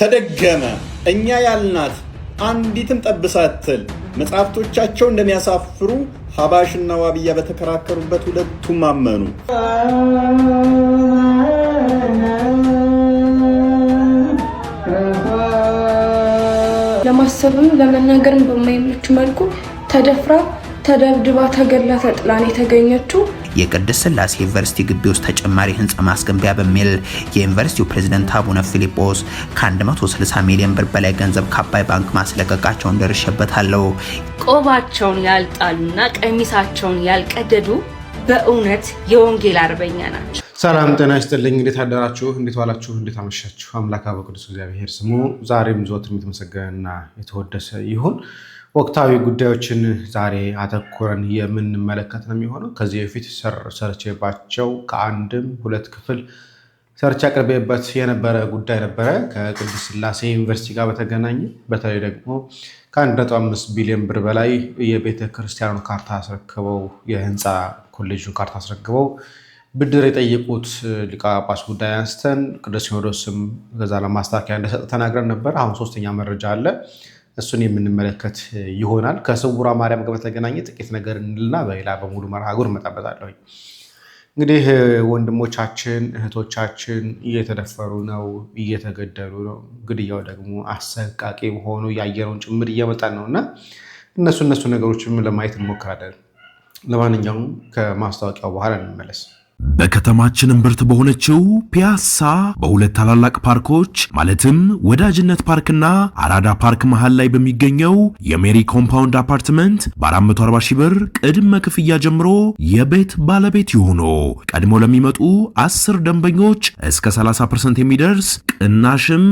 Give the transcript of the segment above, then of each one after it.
ተደገመ። እኛ ያልናት አንዲትም ጠብ ሳትል መጽሐፍቶቻቸው እንደሚያሳፍሩ ሀባሽና ዋብያ በተከራከሩበት ሁለቱም አመኑ። ለማሰብም ለመናገርም በማይመች መልኩ ተደፍራ ተደብድባ ተገላ ተጥላን የተገኘችው የቅድስት ስላሴ ዩኒቨርሲቲ ግቢ ውስጥ ተጨማሪ ህንፃ ማስገንቢያ በሚል የዩኒቨርሲቲው ፕሬዝዳንት አቡነ ፊሊጶስ ከ160 ሚሊዮን ብር በላይ ገንዘብ ከአባይ ባንክ ማስለቀቃቸውን ደርሼበታለሁ። ቆባቸውን ያልጣሉና ቀሚሳቸውን ያልቀደዱ በእውነት የወንጌል አርበኛ ናቸው። ሰላም ጤና ይስጥልኝ። እንዴት አደራችሁ? እንዴት ዋላችሁ? እንዴት አመሻችሁ? አምላካ በቅዱስ እግዚአብሔር ስሙ ዛሬም ዘወትርም የተመሰገነና የተወደሰ ይሁን። ወቅታዊ ጉዳዮችን ዛሬ አተኩረን የምንመለከት ነው የሚሆነው። ከዚህ በፊት ሰርቼባቸው ከአንድም ሁለት ክፍል ሰርች አቅርቤበት የነበረ ጉዳይ ነበረ ከቅድስት ሥላሴ ዩኒቨርሲቲ ጋር በተገናኘ በተለይ ደግሞ ከ1.5 ቢሊዮን ብር በላይ የቤተ ክርስቲያኑ ካርታ አስረክበው የህንፃ ኮሌጁን ካርታ አስረክበው ብድር የጠየቁት ሊቀ ጳጳስ ጉዳይ አንስተን ቅዱስ ሲኖዶስም ገዛ ለማስታከያ እንደሰጠ ተናግረን ነበር። አሁን ሶስተኛ መረጃ አለ። እሱን የምንመለከት ይሆናል። ከስውሯ ማርያም ጋር በተገናኘ ጥቂት ነገር እንልና በሌላ በሙሉ መርሃጉር እመጣበታለሁ። እንግዲህ ወንድሞቻችን እህቶቻችን እየተደፈሩ ነው፣ እየተገደሉ ነው። ግድያው ደግሞ አሰቃቂ ሆኖ ያየነውን ጭምር እየመጣን ነው እና እነሱ እነሱ ነገሮችም ለማየት እንሞክራለን። ለማንኛውም ከማስታወቂያው በኋላ እንመለስ። በከተማችን እምብርት በሆነችው ፒያሳ በሁለት ታላላቅ ፓርኮች ማለትም ወዳጅነት ፓርክና አራዳ ፓርክ መሃል ላይ በሚገኘው የሜሪ ኮምፓውንድ አፓርትመንት በ440 ሺህ ብር ቅድመ ክፍያ ጀምሮ የቤት ባለቤት ይሁኑ። ቀድሞ ለሚመጡ 10 ደንበኞች እስከ 30% የሚደርስ ቅናሽም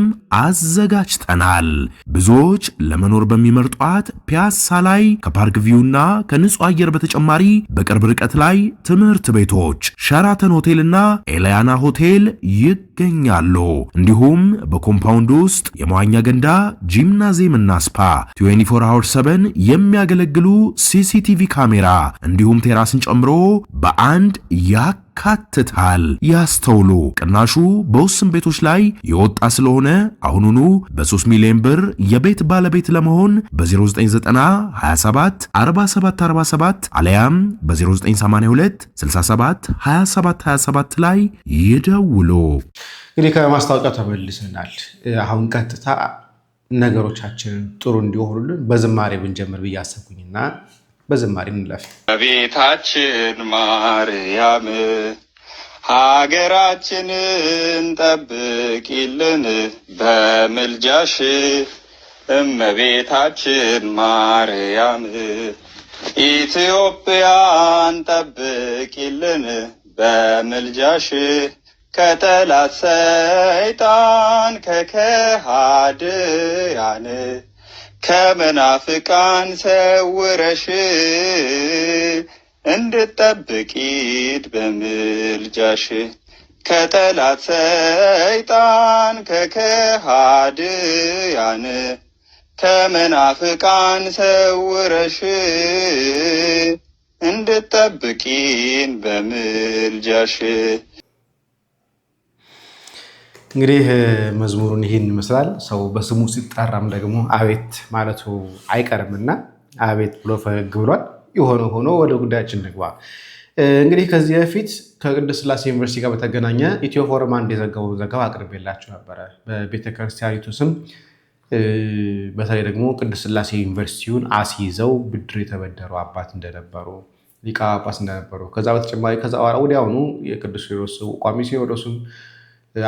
አዘጋጅተናል። ብዙዎች ለመኖር በሚመርጧት ፒያሳ ላይ ከፓርክ ቪውና ከንጹህ አየር በተጨማሪ በቅርብ ርቀት ላይ ትምህርት ቤቶች ሸራተን ሆቴልና ኤላያና ሆቴል ይገኛሉ። እንዲሁም በኮምፓውንድ ውስጥ የመዋኛ ገንዳ፣ እና ስፓ 24/7 የሚያገለግሉ ሲሲቲቪ ካሜራ እንዲሁም ቴራስን ጨምሮ በአንድ ያክ ያካትታል። ያስተውሉ። ቅናሹ በውስን ቤቶች ላይ የወጣ ስለሆነ አሁኑኑ በ3 ሚሊዮን ብር የቤት ባለቤት ለመሆን በ0990274747 አለያም በ0982 67 27 27 ላይ ይደውሉ። እንግዲህ ከማስታወቂያ ተመልሰናል። አሁን ቀጥታ ነገሮቻችን ጥሩ እንዲሆኑልን በዝማሬ ብንጀምር ብዬ አሰብኩኝና በዝማሬ እንለፍ። እመቤታችን ማርያም ሀገራችንን ጠብቂልን በምልጃሽ እመቤታችን ማርያም ኢትዮጵያን ጠብቂልን በምልጃሽ ከጠላት ሰይጣን ከከሃድያን ከመናፍቃን ሰውረሽ እንድጠብቂት በምልጃሽ ከጠላት ሰይጣን ከከሃድያን ከመናፍቃን ሰውረሽ እንድጠብቂን በምልጃሽ እንግዲህ መዝሙሩን ይህን ይመስላል። ሰው በስሙ ሲጠራም ደግሞ አቤት ማለቱ አይቀርምና አቤት ብሎ ፈገግ ብሏል። የሆነ ሆኖ ወደ ጉዳያችን ንግባ። እንግዲህ ከዚህ በፊት ከቅድስት ስላሴ ዩኒቨርሲቲ ጋር በተገናኘ ኢትዮ ፎረም አንድ የዘገበው ዘገባ የላቸው ነበረ። በቤተክርስቲያኒቱ ስም በተለይ ደግሞ ቅድስት ስላሴ ዩኒቨርሲቲውን አስይዘው ብድር የተበደሩ አባት እንደነበሩ ሊቀ ጳጳስ እንደነበሩ ከዛ በተጨማሪ ከዛ ወዲያውኑ የቅዱስ ሲኖዶስ ቋሚ ሲኖዶሱም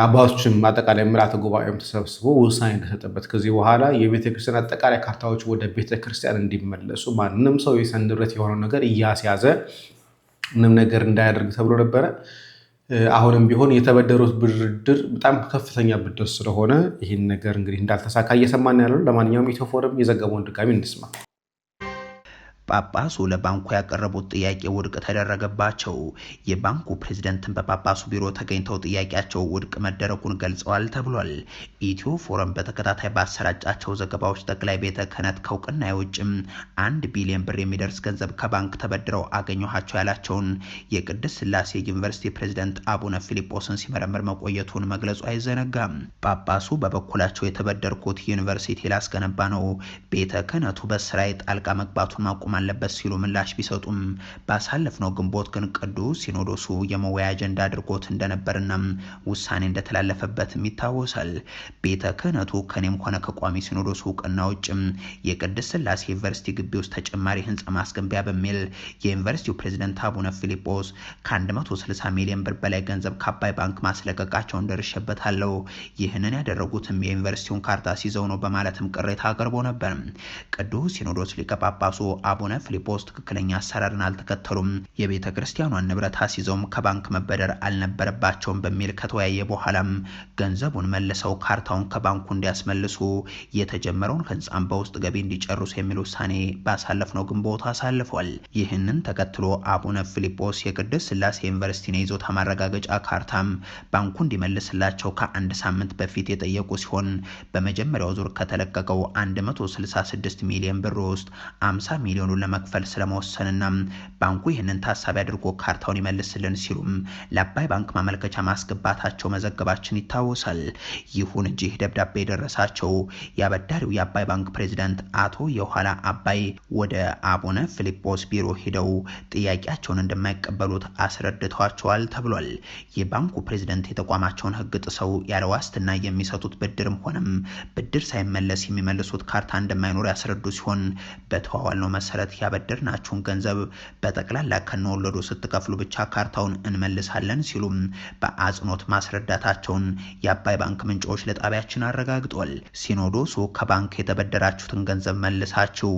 አባቶችም አጠቃላይ ምልዓተ ጉባኤም ተሰብስቦ ውሳኔ እንደሰጠበት ከዚህ በኋላ የቤተክርስቲያን አጠቃላይ ካርታዎች ወደ ቤተክርስቲያን እንዲመለሱ ማንም ሰው የሰንድረት የሆነው ነገር እያስያዘ ምንም ነገር እንዳያደርግ ተብሎ ነበረ። አሁንም ቢሆን የተበደሩት ብድር በጣም ከፍተኛ ብድር ስለሆነ ይህን ነገር እንግዲህ እንዳልተሳካ እየሰማን ያለው። ለማንኛውም ኢትዮፎርም የዘገበውን ድጋሚ እንስማ። ጳጳሱ ለባንኩ ያቀረቡት ጥያቄ ውድቅ ተደረገባቸው። የባንኩ ፕሬዝደንትን በጳጳሱ ቢሮ ተገኝተው ጥያቄያቸው ውድቅ መደረጉን ገልጸዋል ተብሏል። ኢትዮ ፎረም በተከታታይ ባሰራጫቸው ዘገባዎች ጠቅላይ ቤተ ክህነት ከእውቅና የውጭም አንድ ቢሊዮን ብር የሚደርስ ገንዘብ ከባንክ ተበድረው አገኘኋቸው ያላቸውን የቅድስት ስላሴ ዩኒቨርሲቲ ፕሬዝደንት አቡነ ፊልጶስን ሲመረምር መቆየቱን መግለጹ አይዘነጋም። ጳጳሱ በበኩላቸው የተበደርኩት ዩኒቨርሲቲ ላስገነባ ነው፣ ቤተ ክህነቱ በስራ ጣልቃ መግባቱን ማቆማ አለበት ሲሉ ምላሽ ቢሰጡም ባሳለፍነው ግንቦት ግን ቅዱስ ሲኖዶሱ የመወያ አጀንዳ አድርጎት እንደነበርና ውሳኔ እንደተላለፈበትም ይታወሳል። ቤተ ክህነቱ ከኔም ሆነ ከቋሚ ሲኖዶሱ እውቅና ውጭም የቅድስት ስላሴ ዩኒቨርሲቲ ግቢ ውስጥ ተጨማሪ ህንፃ ማስገንቢያ በሚል የዩኒቨርሲቲው ፕሬዚደንት አቡነ ፊሊጶስ ከ160 ሚሊዮን ብር በላይ ገንዘብ ከአባይ ባንክ ማስለቀቃቸውን ደርሼበታለሁ። ይህንን ያደረጉትም የዩኒቨርሲቲውን ካርታ ሲዘው ነው በማለትም ቅሬታ አቅርቦ ነበር። ቅዱስ ሲኖዶስ ሊቀ ጳጳሱ አቡነ ሆነ ፊሊጶስ ትክክለኛ አሰራርን አልተከተሉም፣ የቤተ ክርስቲያኗን ንብረት አስይዘውም ከባንክ መበደር አልነበረባቸውም በሚል ከተወያየ በኋላም ገንዘቡን መልሰው ካርታውን ከባንኩ እንዲያስመልሱ የተጀመረውን ህንፃን በውስጥ ገቢ እንዲጨርሱ የሚል ውሳኔ ባሳለፍነው ግንቦት አሳልፏል። ይህንን ተከትሎ አቡነ ፊሊጶስ የቅድስት ስላሴ ዩኒቨርሲቲን የይዞታ ማረጋገጫ ካርታም ባንኩ እንዲመልስላቸው ከአንድ ሳምንት በፊት የጠየቁ ሲሆን በመጀመሪያው ዙር ከተለቀቀው 166 ሚሊዮን ብር ውስጥ 50 ሚሊዮን ሚሊዮኑን ለመክፈል ስለመወሰንና ባንኩ ይህንን ታሳቢ አድርጎ ካርታውን ይመልስልን ሲሉም ለአባይ ባንክ ማመልከቻ ማስገባታቸው መዘገባችን ይታወሳል። ይሁን እንጂ ደብዳቤ የደረሳቸው የአበዳሪው የአባይ ባንክ ፕሬዚዳንት አቶ የኋላ አባይ ወደ አቡነ ፊሊጶስ ቢሮ ሄደው ጥያቄያቸውን እንደማይቀበሉት አስረድተዋቸዋል ተብሏል። የባንኩ ፕሬዚደንት የተቋማቸውን ሕግ ጥሰው ያለ ዋስትና የሚሰጡት ብድርም ሆነም ብድር ሳይመለስ የሚመልሱት ካርታ እንደማይኖር ያስረዱ ሲሆን በተዋዋል ነው መሰረ መሰረት ያበደርናችሁን ገንዘብ በጠቅላላ ከነወለዶ ስትከፍሉ ብቻ ካርታውን እንመልሳለን ሲሉም በአጽንኦት ማስረዳታቸውን የአባይ ባንክ ምንጮች ለጣቢያችን አረጋግጧል። ሲኖዶሱ ከባንክ የተበደራችሁትን ገንዘብ መልሳችሁ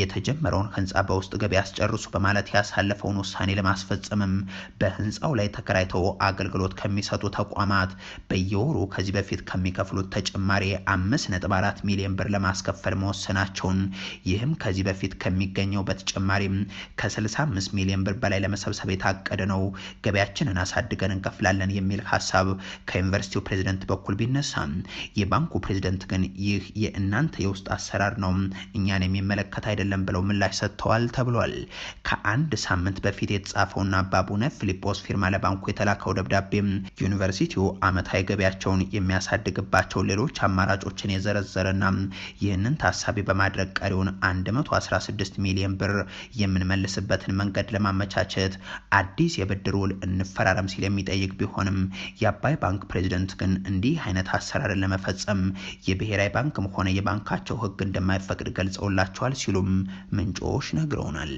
የተጀመረውን ህንፃ በውስጥ ገቢ ያስጨርሱ በማለት ያሳለፈውን ውሳኔ ለማስፈጸምም በህንፃው ላይ ተከራይተው አገልግሎት ከሚሰጡ ተቋማት በየወሩ ከዚህ በፊት ከሚከፍሉት ተጨማሪ 54 ሚሊዮን ብር ለማስከፈል መወሰናቸውን ይህም ከዚህ በፊት ከሚገኝ ከሚገኘው በተጨማሪም ከ65 ሚሊዮን ብር በላይ ለመሰብሰብ የታቀደ ነው። ገበያችንን አሳድገን እንከፍላለን የሚል ሀሳብ ከዩኒቨርሲቲው ፕሬዝደንት በኩል ቢነሳ የባንኩ ፕሬዝደንት ግን ይህ የእናንተ የውስጥ አሰራር ነው፣ እኛን የሚመለከት አይደለም ብለው ምላሽ ሰጥተዋል ተብሏል። ከአንድ ሳምንት በፊት የተጻፈውና በአቡነ ፊሊጶስ ፊርማ ለባንኩ የተላከው ደብዳቤ ዩኒቨርሲቲው አመታዊ ገበያቸውን የሚያሳድግባቸው ሌሎች አማራጮችን የዘረዘረና ይህንን ታሳቢ በማድረግ ቀሪውን 116 ሚሊዮን ቢሊዮን ብር የምንመልስበትን መንገድ ለማመቻቸት አዲስ የብድር ውል እንፈራረም ሲል የሚጠይቅ ቢሆንም የአባይ ባንክ ፕሬዚደንት ግን እንዲህ አይነት አሰራርን ለመፈጸም የብሔራዊ ባንክም ሆነ የባንካቸው ሕግ እንደማይፈቅድ ገልጸውላቸዋል ሲሉም ምንጮች ነግረውናል።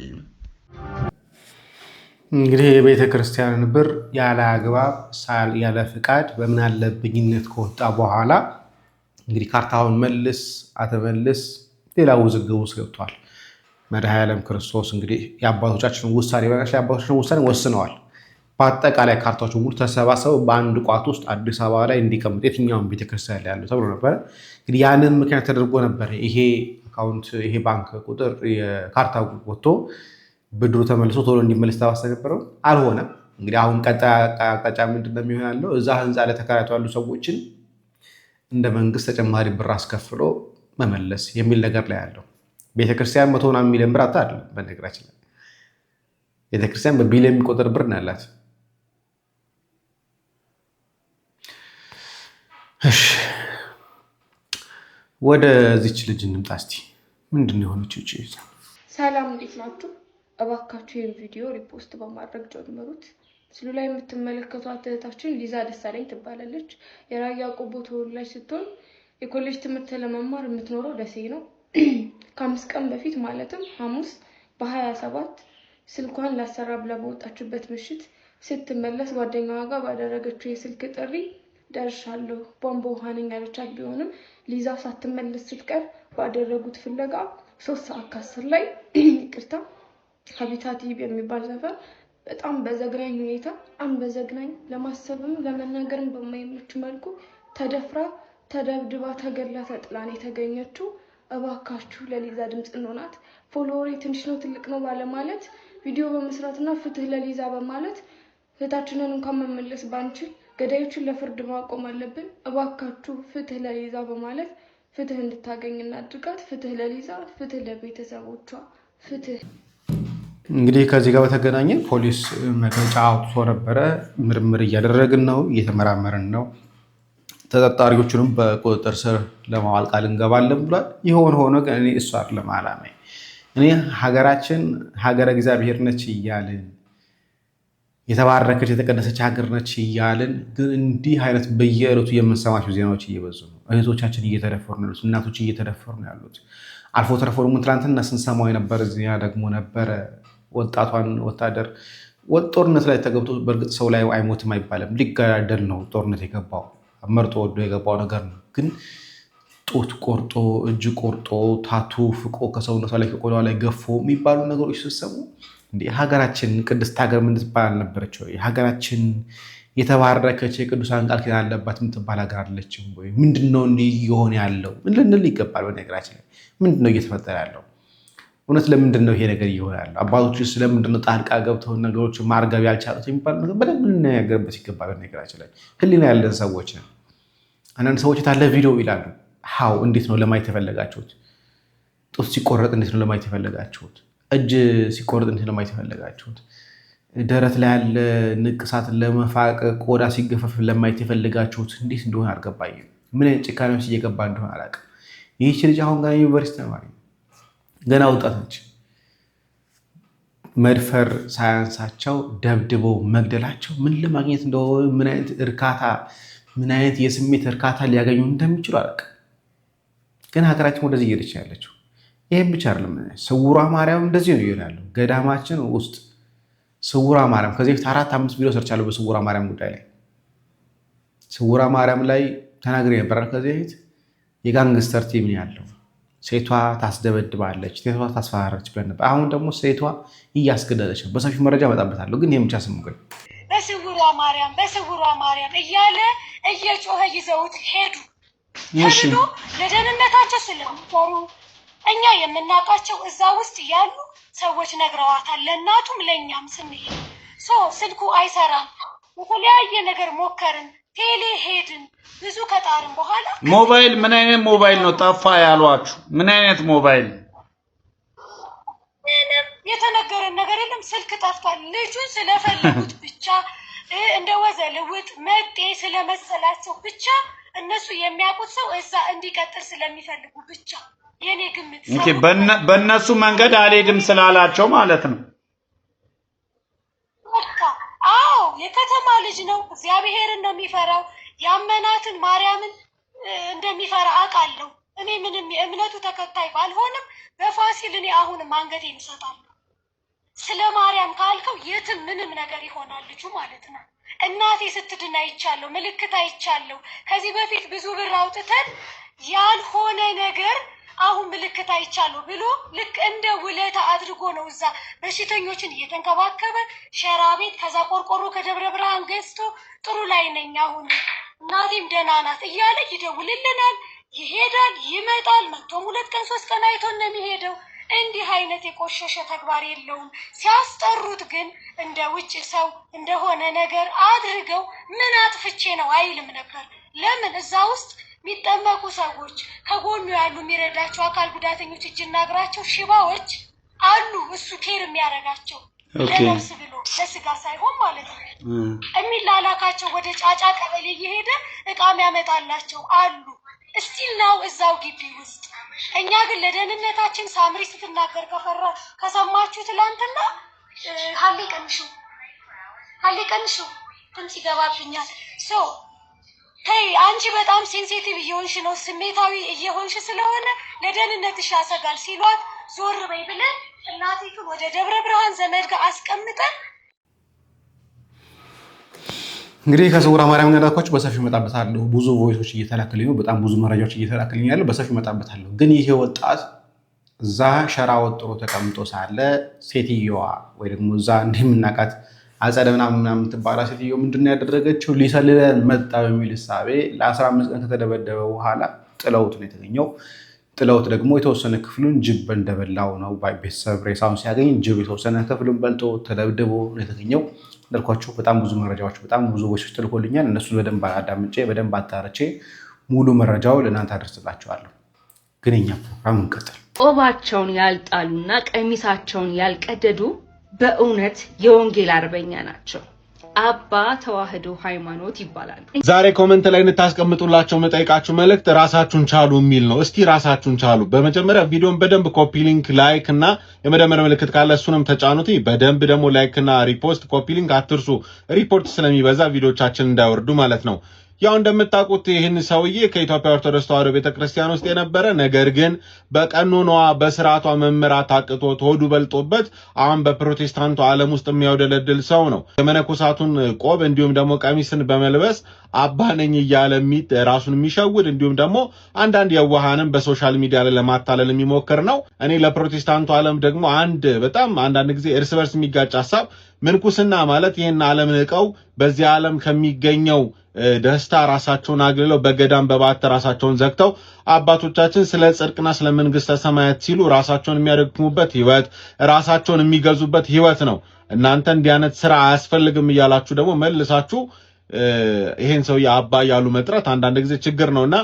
እንግዲህ የቤተ ክርስቲያንን ብር ያለ አግባብ ሳል ያለ ፍቃድ በምን አለብኝነት ከወጣ በኋላ እንግዲህ ካርታውን መልስ አተመልስ ሌላ ውዝግብ ውስጥ ገብቷል። መድኃኔዓለም ክርስቶስ እንግዲህ የአባቶቻችን ውሳኔ በቃሽ የአባቶቻችን ውሳኔ ወስነዋል። በአጠቃላይ ካርታዎች ሙሉ ተሰባሰበው በአንድ ቋት ውስጥ አዲስ አበባ ላይ እንዲቀምጥ የትኛውን ቤተክርስቲያን ላይ ያለው ተብሎ ነበረ። እንግዲህ ያንን ምክንያት ተደርጎ ነበረ ይሄ አካውንት ይሄ ባንክ ቁጥር የካርታ ወጥቶ ብድሩ ተመልሶ ቶሎ እንዲመለስ ተባሰ ነበረው፣ አልሆነም። እንግዲህ አሁን ቀጣይ አቅጣጫ ምንድን ነው የሚሆን ያለው? እዛ ህንፃ ላይ ተከራይተው ያሉ ሰዎችን እንደ መንግስት ተጨማሪ ብር አስከፍሎ መመለስ የሚል ነገር ላይ ያለው ቤተክርስቲያን መቶ ምናምን ሚሊዮን ብር አታል። በነገራችን ላይ ቤተክርስቲያን በቢሊዮን የሚቆጠር ብር ናላት። ወደ ዚች ልጅ እንምጣ እስቲ። ምንድን የሆነች ውጭ? ሰላም እንዴት ናችሁ? እባካችሁ ይህን ቪዲዮ ሪፖስት በማድረግ ጀምሩት። ምስሉ ላይ የምትመለከቷት እህታችን ሊዛ ደሳለኝ ትባላለች። የራያ ቆቦ ተወላጅ ስትሆን የኮሌጅ ትምህርት ለመማር የምትኖረው ደሴ ነው። ከአምስት ቀን በፊት ማለትም ሐሙስ በሀያ ሰባት ስልኳን ላሰራ ብላ በወጣችበት ምሽት ስትመለስ ጓደኛዋ ጋር ባደረገችው የስልክ ጥሪ ደርሻለሁ ቧንቧ ውሃ ነኝ ያለቻት ቢሆንም ሊዛ ሳትመለስ ስትቀር ባደረጉት ፍለጋ ሶስት ሰዓት ከአስር ላይ ይቅርታ ሀቢታት የሚባል ሰፈር በጣም በዘግናኝ ሁኔታ አም በዘግናኝ ለማሰብም ለመናገርም በማይመች መልኩ ተደፍራ ተደብድባ ተገላ ተጥላን የተገኘችው እባካችሁ ለሊዛ ድምፅ እንሆናት ፎሎወሬ ትንሽ ነው ትልቅ ነው ባለማለት ቪዲዮ በመስራትና ፍትህ ለሊዛ በማለት እህታችንን እንኳን መመለስ ባንችል ገዳዮችን ለፍርድ ማቆም አለብን። እባካችሁ ፍትህ ለሊዛ በማለት ፍትህ እንድታገኝ እናድርጋት። ፍትህ ለሊዛ፣ ፍትህ ለቤተሰቦቿ፣ ፍትህ እንግዲህ ከዚህ ጋር በተገናኘ ፖሊስ መግለጫ አውጥቶ ነበረ። ምርምር እያደረግን ነው፣ እየተመራመርን ነው። ተጠርጣሪዎቹንም በቁጥጥር ስር ለማዋል ቃል እንገባለን ብሏል። ይሆን ሆኖ ግን እኔ እሱ አይደለም አላማ እኔ ሀገራችን ሀገረ እግዚአብሔር ነች እያልን የተባረከች የተቀደሰች ሀገር ነች እያልን ግን እንዲህ አይነት በየዕለቱ የምንሰማቸው ዜናዎች እየበዙ ነው። እህቶቻችን እየተደፈሩ ነው ያሉት፣ እናቶች እየተደፈሩ ነው ያሉት። አልፎ ተርፎ ደግሞ ትናንትና ስንሰማው የነበረ ዜና ደግሞ ነበረ። ወጣቷን ወታደር ጦርነት ላይ ተገብቶ በእርግጥ ሰው ላይ አይሞትም አይባልም፣ ሊገዳደል ነው ጦርነት የገባው መርጦ ወዶ የገባው ነገር ነው። ግን ጡት ቆርጦ እጅ ቆርጦ ታቱ ፍቆ ከሰውነቷ ላይ ከቆዳዋ ላይ ገፎ የሚባሉ ነገሮች ስትሰሙ ሀገራችን ቅድስት ሀገር ምን ትባል ነበረችው? ሀገራችን የተባረከች የቅዱሳን ቃል ኪዳን አለባት የምትባል ሀገር አለችም ወይ? ምንድነው እንዲህ የሆነ ያለው ልንል ይገባል። በነገራችን ላይ ምንድነው እየተፈጠረ ያለው? እውነት ለምንድን ነው ይሄ ነገር እየሆነ ያለው? አባቶች ስለምንድን ነው ጣልቃ ገብተው ነገሮች ማርገብ ያልቻሉት የሚባል ነገር በደንብ ልንነጋገርበት ይገባል። ነገራችን ላይ ህሊና ያለን ሰዎች ነው። አንዳንድ ሰዎች የታለ ቪዲዮ ይላሉ። ሀው እንዴት ነው ለማየት የፈለጋችሁት? ጡት ሲቆረጥ እንዴት ነው ለማየት የፈለጋችሁት? እጅ ሲቆረጥ እንዴት ነው ለማየት የፈለጋችሁት? ደረት ላይ ያለ ንቅሳት ለመፋቅ ቆዳ ሲገፈፍ ለማየት የፈለጋችሁት እንዴት እንደሆነ አልገባኝም። ምን ጭካኔዎች እየገባ እንደሆነ አላውቅም። ይህች ልጅ አሁን ጋር ዩኒቨርሲቲ ተማሪ ገና ወጣት ነች። መድፈር ሳያንሳቸው ደብድቦ መግደላቸው ምን ለማግኘት እንደሆነ ምን አይነት እርካታ ምን አይነት የስሜት እርካታ ሊያገኙ እንደሚችሉ አላውቅም። ግን ሀገራችን ወደዚህ እየሄደች ያለችው ይህም ብቻ አይደለም። ስውሯ ማርያም እንደዚህ ነው ይላሉ። ገዳማችን ውስጥ ስውሯ ማርያም ከዚህ በፊት አራት አምስት ቪዲዮ ሰርቻለሁ በስውሯ ማርያም ጉዳይ ላይ ስውሯ ማርያም ላይ ተናግሬ ነበራል። ከዚህ በፊት የጋንግስተር ቲም ያለው ሴቷ ታስደበድባለች፣ ሴቷ ታስፈራረች ብለን ነበር። አሁን ደግሞ ሴቷ እያስገደለች ነው። በሰፊው መረጃ እመጣበታለሁ። ግን ይህ ብቻ ስሙ ግን በስውሯ ማርያም በስውሯ ማርያም እያለ እየጮኸ ይዘውት ሄዱ። ሄዱ ለደህንነታቸው ስለሚሰሩ እኛ የምናውቃቸው እዛ ውስጥ ያሉ ሰዎች ነግረዋታል። ለእናቱም ለእኛም ስንሄድ ስልኩ አይሰራም። የተለያየ ነገር ሞከርን። ቴሌ ሄድን። ብዙ ከጣርን በኋላ ሞባይል ምን አይነት ሞባይል ነው ጠፋ ያሏችሁ? ምን አይነት ሞባይል የተነገረን ነገር የለም። ስልክ ጠፍቷል። ልጁን ስለፈለጉት ብቻ እንደ ወዘ ልውጥ መጤ ስለመሰላቸው ብቻ እነሱ የሚያውቁት ሰው እዛ እንዲቀጥል ስለሚፈልጉ ብቻ የኔ ግምት በእነሱ መንገድ አልሄድም ስላላቸው ማለት ነው። በቃ አዎ የከተማ ልጅ ነው። እግዚአብሔር ነው የሚፈራው። ያመናትን ማርያምን እንደሚፈራ አውቃለሁ። እኔ ምንም የእምነቱ ተከታይ ባልሆንም በፋሲል እኔ አሁንም አንገቴን እሰጣለሁ። ስለ ማርያም ካልከው የትም ምንም ነገር ይሆናል ልጁ ማለት ነው። እናቴ ስትድን አይቻለሁ፣ ምልክት አይቻለሁ። ከዚህ በፊት ብዙ ብር አውጥተን ያልሆነ ነገር አሁን ምልክት አይቻለሁ ብሎ ልክ እንደ ውለታ አድርጎ ነው እዛ በሽተኞችን እየተንከባከበ ሸራ ቤት፣ ከዛ ቆርቆሮ ከደብረ ብርሃን ገዝቶ ጥሩ ላይ ነኝ አሁን እናቴም ደህና ናት እያለ ይደውልልናል። ይሄዳል፣ ይመጣል። መቶም ሁለት ቀን ሶስት ቀን አይቶ ነው የሚሄደው። እንዲህ አይነት የቆሸሸ ተግባር የለውም። ሲያስጠሩት ግን እንደ ውጭ ሰው እንደሆነ ነገር አድርገው ምን አጥፍቼ ነው አይልም ነበር። ለምን እዛ ውስጥ የሚጠመቁ ሰዎች ከጎኑ ያሉ የሚረዳቸው አካል ጉዳተኞች እጅና እግራቸው ሽባዎች አሉ። እሱ ኬር የሚያደርጋቸው ለነፍስ ብሎ ለስጋ ሳይሆን ማለት ነው። የሚላላካቸው ወደ ጫጫ ቀበሌ እየሄደ እቃ የሚያመጣላቸው አሉ። እስቲል ነው እዛው ግቢ ውስጥ። እኛ ግን ለደህንነታችን ሳምሪ ስትናገር ከፈራ ከሰማችሁ ትላንትና ሀሌ ቀንሹ፣ ሀሌ ቀንሹ ድምፅ ይገባብኛል ሰው ሄይ አንቺ በጣም ሴንሲቲቭ እየሆንሽ ነው፣ ስሜታዊ እየሆንሽ ስለሆነ ለደህንነትሽ ያሰጋል ሲሏት ዞር በይ ብለን እናቲቱን ወደ ደብረ ብርሃን ዘመድ ጋር አስቀምጠን እንግዲህ ከስውራ ማርያም ጋር ዳኳችሁ በሰፊው እመጣበታለሁ። ብዙ ቮይሶች እየተላከልኝ ነው። በጣም ብዙ መረጃዎች እየተላከልኝ ያለው በሰፊው እመጣበታለሁ። ግን ይሄ ወጣት እዛ ሸራ ወጥሮ ተቀምጦ ሳለ ሴትየዋ ወይ ደግሞ እዛ እንደምናውቃት አጸደ ምናምን ምናምን የምትባላ ሴትዮ ምንድን ያደረገችው ሊሰልለን መጣ በሚል እሳቤ ለ15 ቀን ከተደበደበ በኋላ ጥለውት ነው የተገኘው። ጥለውት ደግሞ የተወሰነ ክፍሉን ጅብ እንደበላው ነው ቤተሰብ ሬሳውን ሲያገኝ ጅብ የተወሰነ ክፍሉን በልቶ ተደብድቦ ነው የተገኘው። እንዳልኳችሁ በጣም ብዙ መረጃዎች በጣም ብዙ ቦች ትልኮልኛል። እነሱን በደንብ አዳምጬ በደንብ አጣርቼ ሙሉ መረጃው ለእናንተ አደርስላቸዋለሁ። ግን እኛ ፕሮግራም እንቀጥል። ቆባቸውን ያልጣሉና ቀሚሳቸውን ያልቀደዱ በእውነት የወንጌል አርበኛ ናቸው። አባ ተዋህዶ ሃይማኖት ይባላሉ። ዛሬ ኮመንት ላይ እንታስቀምጡላቸው መጠይቃችሁ መልእክት ራሳችሁን ቻሉ የሚል ነው። እስቲ ራሳችሁን ቻሉ። በመጀመሪያ ቪዲዮን በደንብ ኮፒ ሊንክ፣ ላይክ እና የመደመር ምልክት ካለ እሱንም ተጫኑት። በደንብ ደግሞ ላይክ እና ሪፖስት ኮፒ ሊንክ አትርሱ። ሪፖርት ስለሚበዛ ቪዲዮቻችን እንዳይወርዱ ማለት ነው። ያው እንደምታውቁት ይህን ሰውዬ ከኢትዮጵያ ኦርቶዶክስ ተዋሕዶ ቤተክርስቲያን ውስጥ የነበረ ነገር ግን በቀኖኗ በስርዓቷ መምራት አቅቶት ተወዱ በልጦበት አሁን በፕሮቴስታንቱ ዓለም ውስጥ የሚያውደለድል ሰው ነው። የመነኮሳቱን ቆብ እንዲሁም ደግሞ ቀሚስን በመልበስ አባነኝ እያለ ራሱን የሚሸውድ እንዲሁም ደግሞ አንዳንድ የዋሃንም በሶሻል ሚዲያ ላይ ለማታለል የሚሞክር ነው። እኔ ለፕሮቴስታንቱ ዓለም ደግሞ አንድ በጣም አንዳንድ ጊዜ እርስ በርስ የሚጋጭ ሀሳብ ምንኩስና ማለት ይህን ዓለምን ንቀው በዚህ ዓለም ከሚገኘው ደስታ ራሳቸውን አግልለው በገዳም በባት ራሳቸውን ዘግተው አባቶቻችን ስለ ጽድቅና ስለ መንግስተ ሰማያት ሲሉ ራሳቸውን የሚያደግሙበት ህይወት፣ ራሳቸውን የሚገዙበት ህይወት ነው። እናንተ እንዲህ አይነት ስራ አያስፈልግም እያላችሁ ደግሞ መልሳችሁ ይሄን ሰውዬ አባ እያሉ መጥራት አንዳንድ ጊዜ ችግር ነውና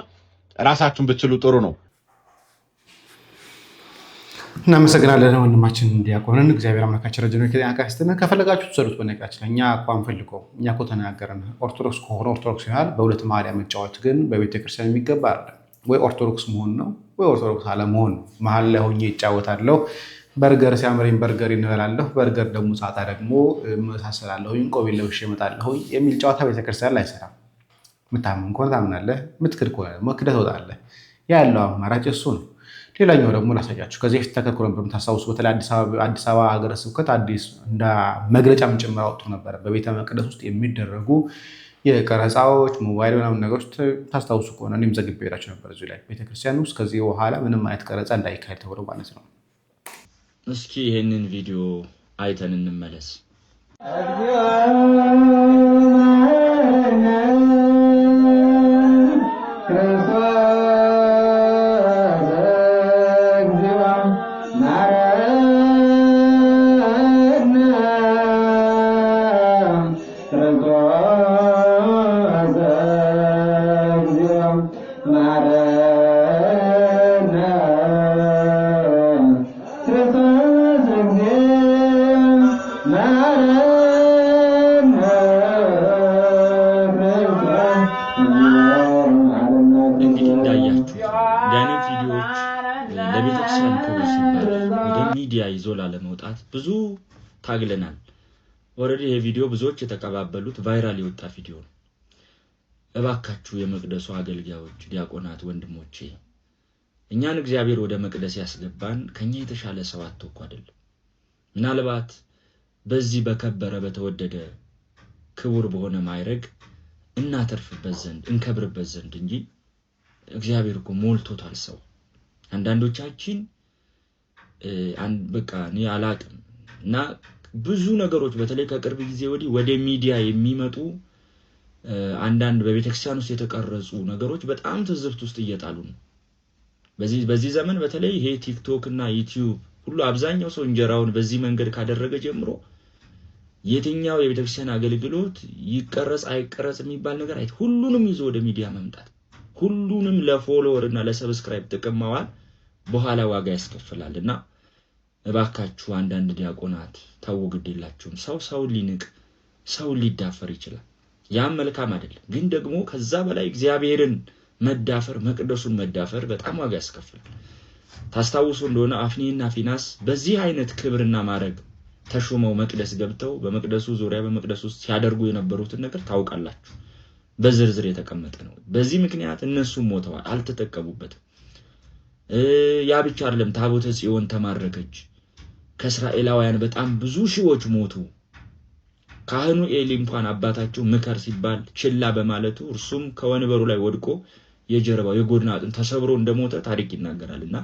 ራሳችሁን ብችሉ ጥሩ ነው። እናመሰግናለን ወንድማችን እንዲያቆንን እግዚአብሔር አምላካችን ረጅም ከዚያ ከፈለጋችሁ ትሰዱት በነቃችን እኛ እኮ አንፈልገው እኛ እኮ ተናገርን። ኦርቶዶክስ ከሆነ ኦርቶዶክስ ይሆናል። በሁለት ማሊያ መጫወት ግን በቤተክርስቲያን የሚገባ አይደለም። ወይ ኦርቶዶክስ መሆን ነው ወይ ኦርቶዶክስ አለመሆን ነው። መሀል ላይ ሆኜ ይጫወታለሁ። በርገር ሲያምረኝ በርገር እንበላለሁ። በርገር ደግሞ ሳታ ደግሞ መሳሰላለሁ፣ ቆቤ ለብሼ እመጣለሁኝ የሚል ጨዋታ ቤተክርስቲያን ላይ አይሰራም። ምታምን ከሆነ ታምናለህ፣ ምትክድ ከሆነ ክደት ወጣለህ። ያለው አማራጭ እሱ ነው። ሌላኛው ደግሞ ላሳያችሁ። ከዚህ በፊት ተከልክሎ ነበር የምታስታውሱ። በተለይ አዲስ አበባ ሀገረ ስብከት አዲስ እንደ መግለጫ ጭምር አውጥቶ ነበረ። በቤተ መቅደስ ውስጥ የሚደረጉ የቀረፃዎች ሞባይል ምናምን ነገሮች ታስታውሱ ከሆነ እኔም ዘግቤ ሄዳችሁ ነበር። እዚሁ ላይ ቤተክርስቲያን ውስጥ ከዚህ በኋላ ምንም አይነት ቀረፃ እንዳይካሄድ ተብሎ ማለት ነው። እስኪ ይህንን ቪዲዮ አይተን እንመለስ። ሰዎች የተቀባበሉት ቫይራል የወጣ ቪዲዮ ነው። እባካችሁ የመቅደሱ አገልጋዮች፣ ዲያቆናት ወንድሞቼ፣ እኛን እግዚአብሔር ወደ መቅደስ ያስገባን ከኛ የተሻለ ሰው አጥቶ እኮ አይደለም። ምናልባት በዚህ በከበረ በተወደደ ክቡር በሆነ ማይረግ እናተርፍበት ዘንድ እንከብርበት ዘንድ እንጂ እግዚአብሔር እኮ ሞልቶታል ሰው። አንዳንዶቻችን በቃ እኔ አላቅም እና ብዙ ነገሮች በተለይ ከቅርብ ጊዜ ወዲህ ወደ ሚዲያ የሚመጡ አንዳንድ በቤተክርስቲያን ውስጥ የተቀረጹ ነገሮች በጣም ትዝብት ውስጥ እየጣሉ ነው። በዚህ ዘመን በተለይ ይሄ ቲክቶክ እና ዩቲዩብ ሁሉ አብዛኛው ሰው እንጀራውን በዚህ መንገድ ካደረገ ጀምሮ የትኛው የቤተክርስቲያን አገልግሎት ይቀረጽ አይቀረጽ የሚባል ነገር አይ ሁሉንም ይዞ ወደ ሚዲያ መምጣት ሁሉንም ለፎሎወር እና ለሰብስክራይብ ጥቅም ማዋል በኋላ ዋጋ ያስከፍላል እና እባካችሁ አንዳንድ ዲያቆናት ታው ግድ የላችሁም። ሰው ሰው ሊንቅ ሰው ሊዳፈር ይችላል። ያም መልካም አይደለም። ግን ደግሞ ከዛ በላይ እግዚአብሔርን መዳፈር መቅደሱን መዳፈር በጣም ዋጋ ያስከፍላል። ታስታውሱ እንደሆነ አፍኒና ፊናስ በዚህ አይነት ክብርና ማድረግ ተሹመው መቅደስ ገብተው በመቅደሱ ዙሪያ በመቅደሱ ውስጥ ሲያደርጉ የነበሩትን ነገር ታውቃላችሁ። በዝርዝር የተቀመጠ ነው። በዚህ ምክንያት እነሱም ሞተዋል፣ አልተጠቀሙበትም። ያ ብቻ አይደለም። ታቦተ ጽዮን ተማረከች። ከእስራኤላውያን በጣም ብዙ ሺዎች ሞቱ። ካህኑ ኤሊ እንኳን አባታችሁ ምከር ሲባል ችላ በማለቱ እርሱም ከወንበሩ ላይ ወድቆ የጀርባው የጎድን አጥንት ተሰብሮ እንደሞተ ታሪክ ይናገራል። እና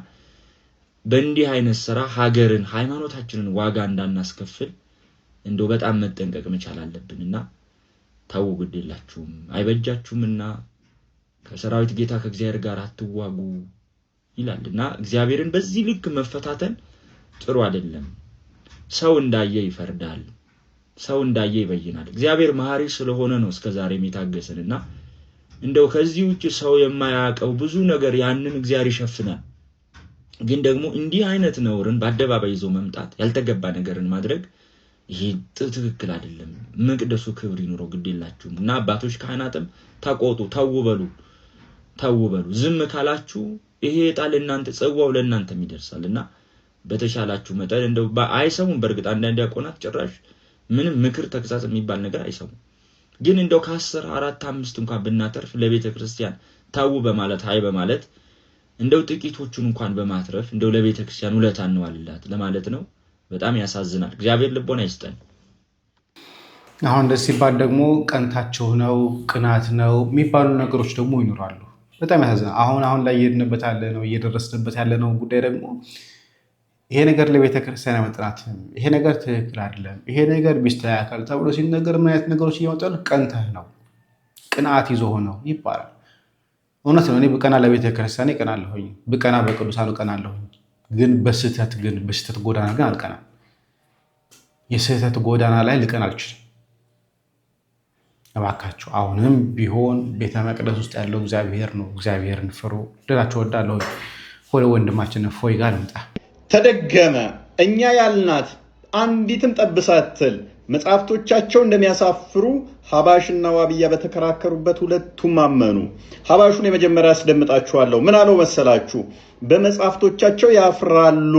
በእንዲህ አይነት ስራ ሀገርን፣ ሃይማኖታችንን ዋጋ እንዳናስከፍል እንደ በጣም መጠንቀቅ መቻል አለብን እና ታው አይበጃችሁምና ከሰራዊት ጌታ ከእግዚአብሔር ጋር አትዋጉ ይላል እና እግዚአብሔርን በዚህ ልክ መፈታተን ጥሩ አይደለም። ሰው እንዳየ ይፈርዳል። ሰው እንዳየ ይበይናል። እግዚአብሔር መሐሪ ስለሆነ ነው እስከ ዛሬም የታገስን እና እንደው ከዚህ ውጭ ሰው የማያውቀው ብዙ ነገር ያንን እግዚአብሔር ይሸፍናል። ግን ደግሞ እንዲህ አይነት ነውርን በአደባባይ ይዞ መምጣት ያልተገባ ነገርን ማድረግ ይሄ ትክክል አይደለም። መቅደሱ ክብር ይኑረው፣ ግድ የላችሁም እና አባቶች ካህናትም ተቆጡ፣ ተውበሉ፣ ተውበሉ። ዝም ካላችሁ ይሄ ዕጣ ለእናንተ ጽዋው ለእናንተም ይደርሳል እና በተሻላችሁ መጠን እንደ አይሰሙም። በእርግጥ አንዳንድ ያቆናት ጭራሽ ምንም ምክር ተግሳጽ የሚባል ነገር አይሰሙም። ግን እንደው ከአስር አራት አምስት እንኳን ብናተርፍ ለቤተ ክርስቲያን ታው በማለት ሀይ በማለት እንደው ጥቂቶቹን እንኳን በማትረፍ እንደው ለቤተ ክርስቲያን ውለታ እንዋልላት ለማለት ነው። በጣም ያሳዝናል። እግዚአብሔር ልቦና ይስጠን። አሁን ደስ ሲባል ደግሞ ቀንታቸው ነው ቅናት ነው የሚባሉ ነገሮች ደግሞ ይኖራሉ። በጣም ያሳዝናል። አሁን አሁን ላይ እየሄድንበት ያለ ነው እየደረስንበት ያለ ነው ጉዳይ ደግሞ ይሄ ነገር ለቤተክርስቲያን ክርስቲያን ይሄ ነገር ትክክል አይደለም፣ ይሄ ነገር ቢስተካከል ተብሎ ሲነገር ምን አይነት ነገሮች እየመጣሉ ቀንተህ ነው ቅንዓት ይዞ ሆነው ይባላል። እውነት ነው። እኔ ብቀና ለቤተክርስቲያን ይቀናለሁኝ፣ ብቀና በቅዱሳን ቀናለሁኝ። ግን በስህተት ግን በስህተት ጎዳና ግን አልቀናም። የስህተት ጎዳና ላይ ልቀን አልችልም። እባካችሁ አሁንም ቢሆን ቤተ መቅደስ ውስጥ ያለው እግዚአብሔር ነው። እግዚአብሔርን ፍሩ ልላችሁ እወዳለሁ። ወደ ወንድማችን ፎይ ጋር ልምጣ ተደገመ። እኛ ያልናት አንዲትም ጠብ ሳትል መጽሐፍቶቻቸው እንደሚያሳፍሩ ሀባሽና ዋብያ በተከራከሩበት ሁለቱም አመኑ። ሀባሹን የመጀመሪያ ያስደምጣችኋለሁ። ምን አለው መሰላችሁ? በመጽሐፍቶቻቸው ያፍራሉ።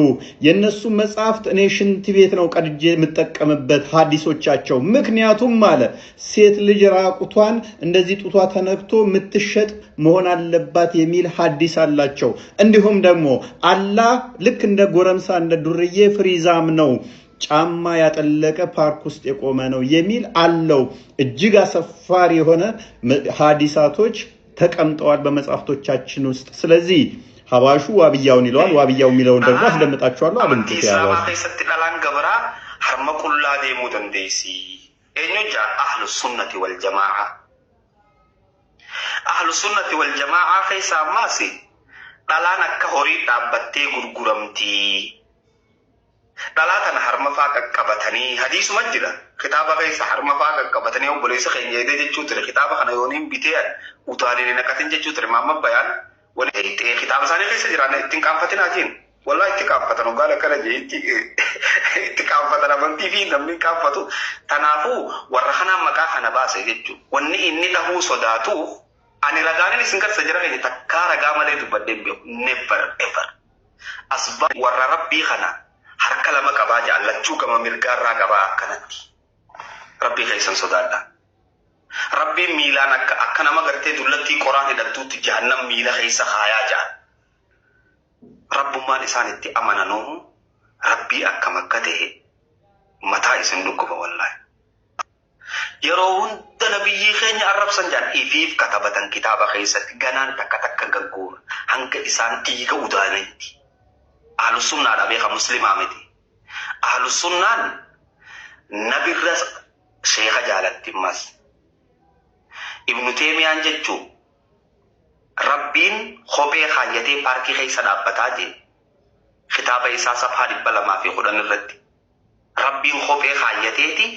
የእነሱ መጽሐፍት እኔ ሽንት ቤት ነው ቀድጄ የምጠቀምበት ሀዲሶቻቸው። ምክንያቱም አለ ሴት ልጅ ራቁቷን እንደዚህ ጡቷ ተነክቶ የምትሸጥ መሆን አለባት የሚል ሀዲስ አላቸው። እንዲሁም ደግሞ አላህ ልክ እንደ ጎረምሳ እንደ ዱርዬ ፍሪዛም ነው ጫማ ያጠለቀ ፓርክ ውስጥ የቆመ ነው የሚል አለው። እጅግ አሰፋሪ የሆነ ሀዲሳቶች ተቀምጠዋል በመጽሐፍቶቻችን ውስጥ። ስለዚህ ሀባሹ ዋብያውን ይለዋል። ዋብያው የሚለውን ደግሞ አስደምጣችኋለሁ። አብንጭት ያለሰትቀላን ገበራ ሀርመቁላ ዴሙ ደንዴሲ ኞጃ አህሉ ሱነት ወልጀማዓ አህሉ ሱነት ወልጀማዓ ከይሳ ማሲ አካ ሆሪ ዳበቴ ጉርጉረምቲ dhalaa tana harmafaa qaqqabatanii hadiisuma jira kitaaba keessa harmafaa qaqqabatanii obboleessa keenya jedhee jechuu ture kitaaba kana yooniin bitee utaaleen hin jechuu ture maamma bayaan kitaaba isaanii keessa jiraan ittiin qaanfatin hajiin wallaa itti qaanfatan ogaala akkana jee itti qaanfatan amantii fi namni qaanfatu tanaafuu warra kanaan maqaa kana baase jechuu wanni inni tahuu sodaatu ani ragaanin isin garsa jira keenya takkaa ragaa malee dubbadhee beeku never ever asbaa warra rabbii kana. harka lama qabaa jaallachuu gama mirgaarraa qabaa akkanatti rabbii keessan sodaadha. Rabbiin miilaan akka akka nama gartee dullattii qoraan hidhattuutti jahannan miila keessa haayaa jaan. Rabbummaan isaan itti amananoo rabbii akkam akka ta'e mataa isin dhukkuba wallaahi. Yeroo hunda nabiyyii keenya arrabsan jaan ifiif katabatan kitaaba keessatti ganaan takka takka gaggoora hanga isaan dhiiga udaanitti. ahlussunnadha beekamu ahlu sunnah nabi ras sheeka jalan timmas ibnu teemiyaan jechuun rabbin khobe kaayatee parki keessa dhaabbataa jee kitab isa safaa dhibba lamaa fi kudhan irratti rabbiin kophee kaayateeti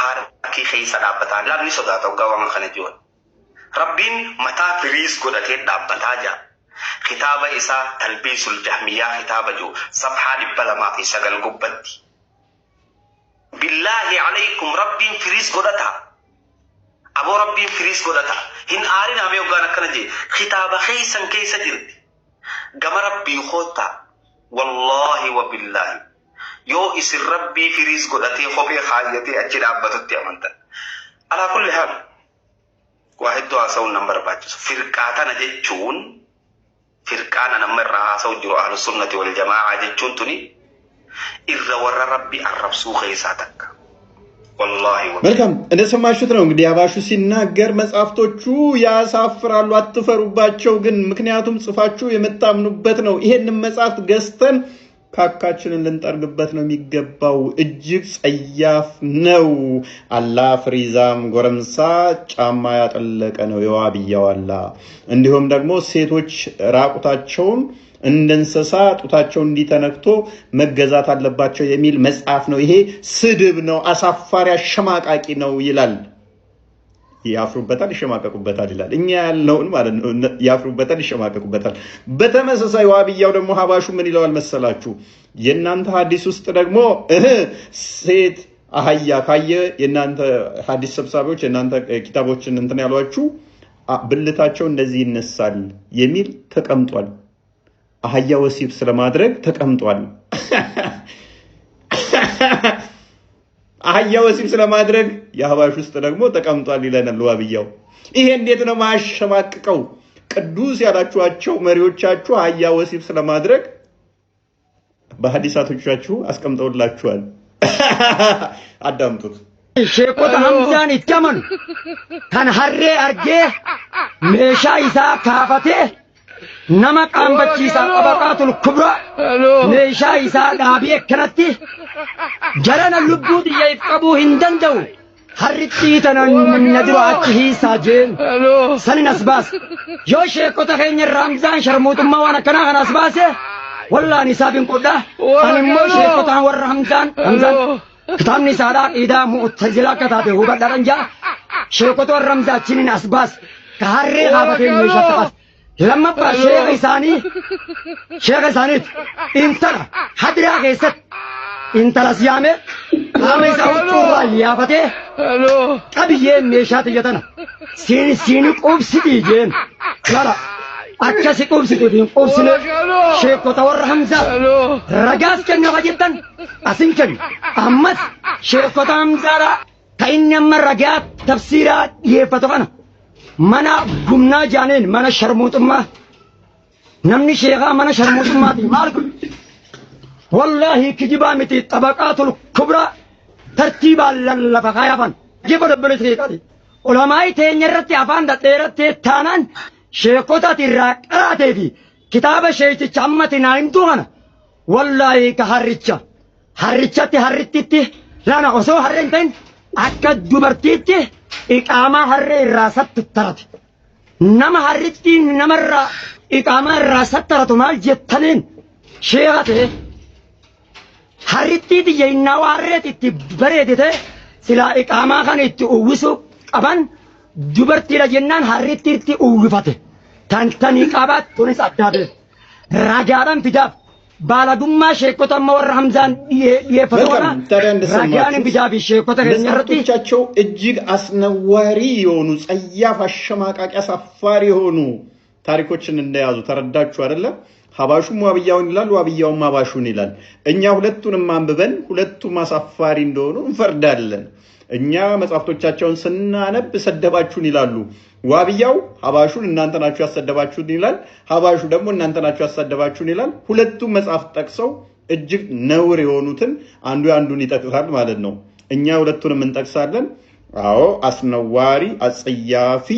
paarkii keessa dhaabbataa laabni sodaata waggaa waan rabbin jiran rabbiin mataa firiis dabata ja kitaaba isaa talbiisul jahmiyyaa kitaaba jiru safhaa dhibba lamaa fi sagal gubbatti. Billaahi alaykum rabbiin firiis godhata. Aboo rabbiin firiis godhata. Hin aarin hamee ogaan akkana jee kitaaba keessan keessa jirti. Gama rabbii koottaa. Wallaahi wa billaahi. Yoo isin rabbii firiis godhatee kophee kaayyatee achi dhaabbatutti amantan. Alaa kulli haal. Waa hedduu haasa'uun nan barbaachisu. Firqaa jechuun firqaana nama irraa haasa'u jiru ahlu sunnati wal jamaa'a jechuun tuni irra warra rabbi arrabsuu keessaa takka መልካም እንደሰማችሁት ነው እንግዲህ አባሹ ሲናገር መጽሐፍቶቹ ያሳፍራሉ፣ አትፈሩባቸው ግን ምክንያቱም ጽፋችሁ የምታምኑበት ነው። ይሄንን መጽሐፍት ገዝተን ካካችንን ልንጠርግበት ነው የሚገባው። እጅግ ጸያፍ ነው። አላ ፍሪዛም ጎረምሳ ጫማ ያጠለቀ ነው የዋብያው አላ። እንዲሁም ደግሞ ሴቶች ራቁታቸውን እንደ እንስሳ ጡታቸው እንዲተነክቶ መገዛት አለባቸው የሚል መጽሐፍ ነው። ይሄ ስድብ ነው፣ አሳፋሪ አሸማቃቂ ነው ይላል። ያፍሩበታል፣ ይሸማቀቁበታል ይላል። እኛ ያልነውን ማለት ነው። ያፍሩበታል፣ ይሸማቀቁበታል። በተመሳሳይ ዋብያው ደግሞ ሀባሹ ምን ይለዋል መሰላችሁ? የእናንተ ሀዲስ ውስጥ ደግሞ ሴት አህያ ካየ የእናንተ ሀዲስ ሰብሳቢዎች የእናንተ ኪታቦችን እንትን ያሏችሁ ብልታቸው እንደዚህ ይነሳል የሚል ተቀምጧል። አህያ ወሲብ ስለማድረግ ተቀምጧል። አህያ ወሲብ ስለማድረግ የአህባሽ ውስጥ ደግሞ ተቀምጧል ይለናል ዋብያው። ይሄ እንዴት ነው ማሸማቅቀው? ቅዱስ ያላችኋቸው መሪዎቻችሁ አህያ ወሲብ ስለማድረግ በሀዲሳቶቻችሁ አስቀምጠውላችኋል። አዳምጡት። ሼኮት ሀምዛን ይትገመኑ ከን ሀሬ አርጌ ሜሻ ይሳ ካፈቴ nama qaambachiisaa qabaqaatul kubra meeshaa isaa dhaabee akkanatti jarana lubbuu xiyyeef qabuu hin danda'u harrittii tanan na dura achi hiisaa jeen sanin as baase yoo sheekota keenya irraa hamzaan sharmuutummaa waan akkanaa kana as baase wallaan isaaf hin qodhaa ani immoo sheekotaan warra hamzaan hamzaan kitaabni isaadhaa qiidaa mu'tazilaa akka taate hubadhaadhan jaa sheekota warra hamzaachiniin as baase ka harree haaba keenya ishaa tapas لما الشيخ يساني شيخ يساني انت حدرا كيست انت لسيامي لما يسوي اليافته قبيه ميشات يتنا سين سين قبسي جين لا akkasi qubsitu hin qubsine sheekota warra hamzaa ragaas kennafa jettan asin kennu ammas sheekota hamzaadha ka inni amma ragaa tafsiiraa dhiyeeffatu kana mana humnaa jaaneen mana sharmuuxummaa namni sheekaa mana sharmuuxummaatii maal kun wallaahi kijibaa miti xabaqaatul kubraa tartiibaan lallafa kaayafan jiba dabbala sheekaati ulamaayi teenya irratti afaan dhadheerattee taanaan sheekota ati irraa qaraatee fi kitaaba sheeticha ammati naa himtuu kana wallaahi ka harricha harrichatti harrittitti lana osoo harreen ta'in akka dubartiitti ኢቃማ ሀሬ ራሰት ተረት ነማ ሀሪቲ ነመራ ኢቃማ ራሰት ተረቱ ማል የተለን ሼሃቴ ሀሪቲ ዲየና ዋሬት ኢቲ በሬዲቴ ስላ ኢቃማ ካን ኢቲ ኡውሱ ቀባን ዱበርቲ ለጀናን ሀሪቲ ኢቲ ኡውፋቴ ታንተን ኢቃባት ቶኒስ አዳበ ራጋራን ፊዳብ ባላዱማ ሼኮታ ማወር ሐምዛን የፈሮና ራኪያን ቢጃቢ ሸኮታ ከሰረጡቻቸው እጅግ አስነዋሪ የሆኑ ጸያፍ፣ አሸማቃቂ፣ አሳፋሪ የሆኑ ታሪኮችን እንደያዙ ተረዳችሁ አይደለም? ሀባሹም ዋብያውን ይላል፣ ዋብያውም ሀባሹን ይላል። እኛ ሁለቱንም አንብበን ሁለቱም አሳፋሪ እንደሆኑ እንፈርዳለን። እኛ መጽሐፍቶቻቸውን ስናነብ ሰደባችሁን ይላሉ። ዋብያው ሀባሹን እናንተ ናችሁ ያሰደባችሁን ይላል። ሀባሹ ደግሞ እናንተ ናችሁ ያሰደባችሁን ይላል። ሁለቱም መጽሐፍ ጠቅሰው እጅግ ነውር የሆኑትን አንዱ አንዱን ይጠቅሳል ማለት ነው። እኛ ሁለቱንም እንጠቅሳለን። አዎ አስነዋሪ አጸያፊ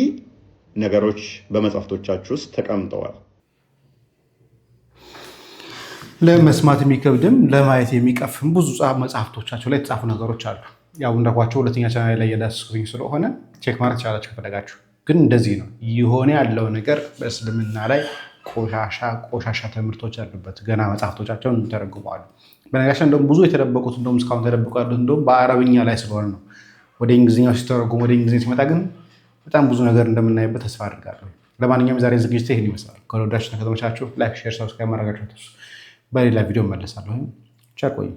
ነገሮች በመጽሐፍቶቻችሁ ውስጥ ተቀምጠዋል። ለመስማት የሚከብድም ለማየት የሚቀፍም ብዙ መጽሐፍቶቻቸው ላይ የተጻፉ ነገሮች አሉ። ያው እንዳልኳቸው ሁለተኛ ቻናል ላይ የዳስኩኝ ስለሆነ ቼክ ማለት ትችላላችሁ ከፈለጋችሁ። ግን እንደዚህ ነው የሆነ ያለው ነገር በእስልምና ላይ ቆሻሻ ቆሻሻ ትምህርቶች አሉበት። ገና መጽሐፍቶቻቸውን ተረግመዋል። በነገራችን እንደውም ብዙ የተደበቁት እንደውም እስካሁን ተደብቁ ያሉት እንደውም በአረብኛ ላይ ስለሆነ ነው። ወደ እንግሊዝኛው ሲተረጉም ወደ እንግሊዝኛ ሲመጣ ግን በጣም ብዙ ነገር እንደምናይበት ተስፋ አድርጋለሁ። ለማንኛውም ዛሬ ዝግጅት ይህን ይመስላል። ከወዳችሁ ተከተሞቻችሁ ላይክ፣ ሼር፣ ሰብስክራይብ ማድረጋችሁ በሌላ ቪዲዮ መለሳለሁ። ቸር ቆዩ።